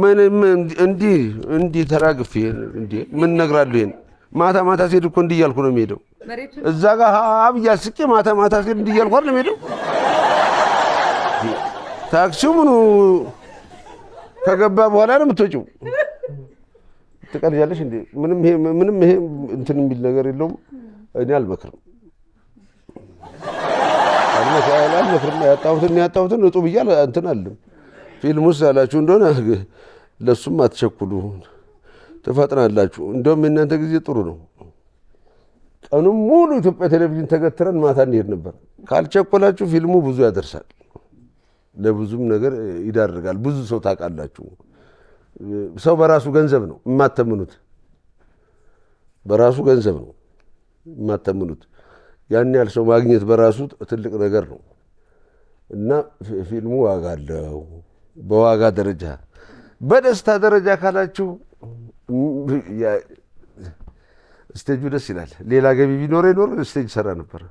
ምንም እንዲህ እንዲህ ተራግፌ እንዴ ምን እነግራለሁ? ይሄን ማታ ማታ ሲሄድ እኮ እንዲህ እያልኩ ነው የሚሄደው። እዛ ጋር ሀብያ ስቄ ማታ ማታ ሲሄድ እንዲህ እያልኩ አይደል የሚሄደው። ታክሲው ምኑ ከገባ በኋላ ነው የምትወጪው። ትቀልጃለሽ እንዴ? ምንም ይሄ ምንም ይሄ እንትን የሚል ነገር የለውም። እኔ አልመክርም አልመክርም። ያጣሁትን ያጣሁትን እጡ ብያለሁ እንትን አለም ፊልም ውስጥ ያላችሁ እንደሆነ ለሱም አትቸኩሉ፣ ትፈጥናላችሁ። እንደውም የእናንተ ጊዜ ጥሩ ነው። ቀኑም ሙሉ ኢትዮጵያ ቴሌቪዥን ተገትረን ማታ እንሄድ ነበር። ካልቸኮላችሁ ፊልሙ ብዙ ያደርሳል፣ ለብዙም ነገር ይዳርጋል። ብዙ ሰው ታውቃላችሁ። ሰው በራሱ ገንዘብ ነው የማተምኑት፣ በራሱ ገንዘብ ነው የማተምኑት። ያን ያህል ሰው ማግኘት በራሱ ትልቅ ነገር ነው እና ፊልሙ ዋጋ አለው። በዋጋ ደረጃ በደስታ ደረጃ ካላችሁ ስቴጁ ደስ ይላል። ሌላ ገቢ ቢኖረ ይኖር ስቴጅ ሰራ ነበር።